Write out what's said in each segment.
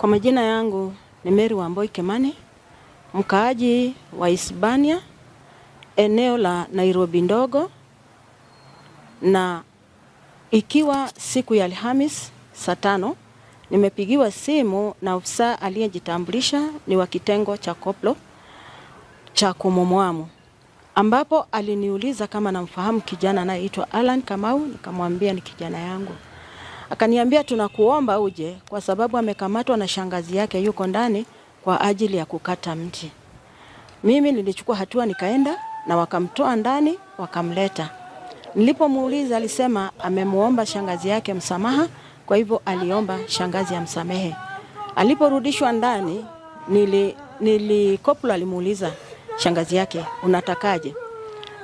Kwa majina yangu ni Mary Wamboi Kemani, mkaaji wa Hispania, eneo la Nairobi ndogo, na ikiwa siku ya Alhamis saa tano nimepigiwa simu na ofisa aliyejitambulisha ni wa kitengo cha koplo cha kumomwamu, ambapo aliniuliza kama namfahamu kijana anayeitwa Alan Kamau, nikamwambia ni kijana yangu. Akaniambia tunakuomba uje kwa sababu amekamatwa na shangazi yake yuko ndani kwa ajili ya kukata mti. Mimi nilichukua hatua nikaenda na wakamtoa ndani wakamleta. Nilipomuuliza alisema amemuomba shangazi yake msamaha, kwa hivyo aliomba shangazi amsamehe. Aliporudishwa ndani nili, nili koplo alimuuliza shangazi yake unatakaje?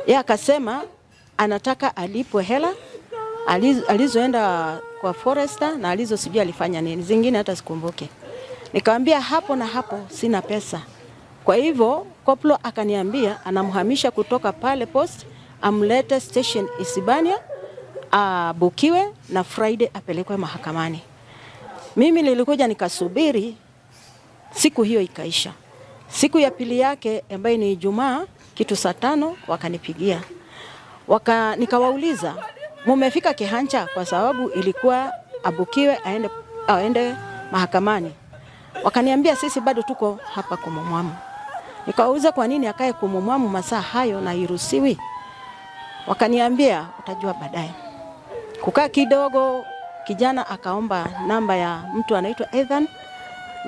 Yeye akasema anataka alipwe hela alizoenda kwa forester na alizo sijui alifanya nini, zingine hata sikumbuke. Nikamwambia hapo na hapo sina pesa. Kwa hivyo koplo akaniambia anamhamisha kutoka pale post amlete station Isibania abukiwe na Friday apelekwe mahakamani. Mimi nilikuja nikasubiri, siku hiyo ikaisha. Siku ya pili yake ambayo ni Ijumaa kitu saa tano wakanipigia waka, nikawauliza mumefika Kihancha kwa sababu ilikuwa abukiwe aende, aende mahakamani. Wakaniambia sisi bado tuko hapa Kumumwamu. Nikauliza kwa nini akae Kumumwamu masaa hayo na iruhusiwi? Wakaniambia utajua baadaye. Kukaa kidogo, kijana akaomba namba ya mtu anaitwa Ethan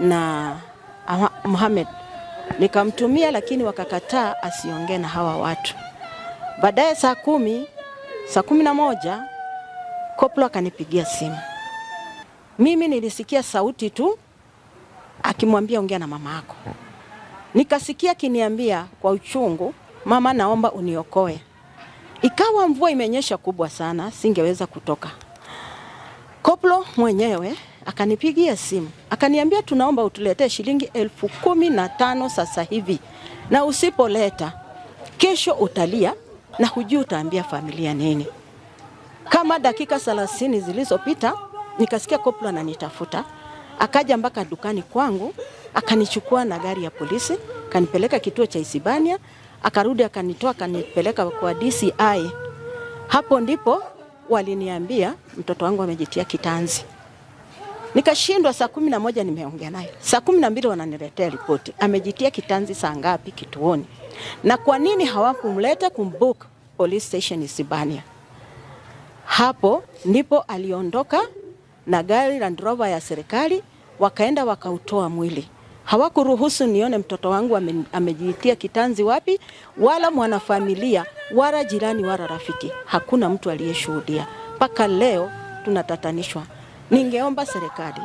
na Muhammad, nikamtumia lakini wakakataa asiongee na hawa watu. Baadaye saa kumi Saa kumi na moja koplo akanipigia simu. Mimi nilisikia sauti tu akimwambia ongea na mama yako, nikasikia akiniambia kwa uchungu, mama, naomba uniokoe. Ikawa mvua imenyesha kubwa sana, singeweza kutoka. Koplo mwenyewe akanipigia simu akaniambia, tunaomba utuletee shilingi elfu kumi na tano sasa hivi, na usipoleta kesho utalia na hujui utaambia familia nini. Kama dakika thelathini zilizopita nikasikia koplo ananitafuta, akaja mpaka dukani kwangu, akanichukua na gari ya polisi, kanipeleka kituo cha Isibania, akarudi akanitoa, akanipeleka kwa DCI. Hapo ndipo waliniambia mtoto wangu amejitia kitanzi. Nikashindwa, saa kumi na moja nimeongea naye, saa kumi na mbili wananiletea ripoti, amejitia kitanzi saa ngapi kituoni? Na kwa nini hawakumleta kumbuk police station Isibania? Hapo ndipo aliondoka na gari la ndrova ya serikali, wakaenda wakautoa mwili. Hawakuruhusu nione mtoto wangu ame, amejiitia kitanzi wapi, wala mwanafamilia wala jirani wala rafiki. Hakuna mtu aliyeshuhudia mpaka leo, tunatatanishwa. Ningeomba serikali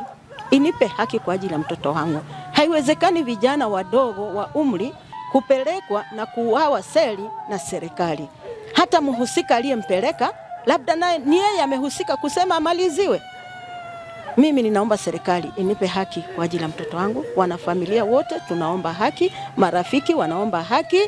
inipe haki kwa ajili ya mtoto wangu. Haiwezekani vijana wadogo wa umri kupelekwa na kuuawa seli na serikali. Hata mhusika aliyempeleka labda naye ni yeye amehusika kusema amaliziwe. Mimi ninaomba serikali inipe haki kwa ajili ya mtoto wangu. Wanafamilia wote tunaomba haki, marafiki wanaomba haki.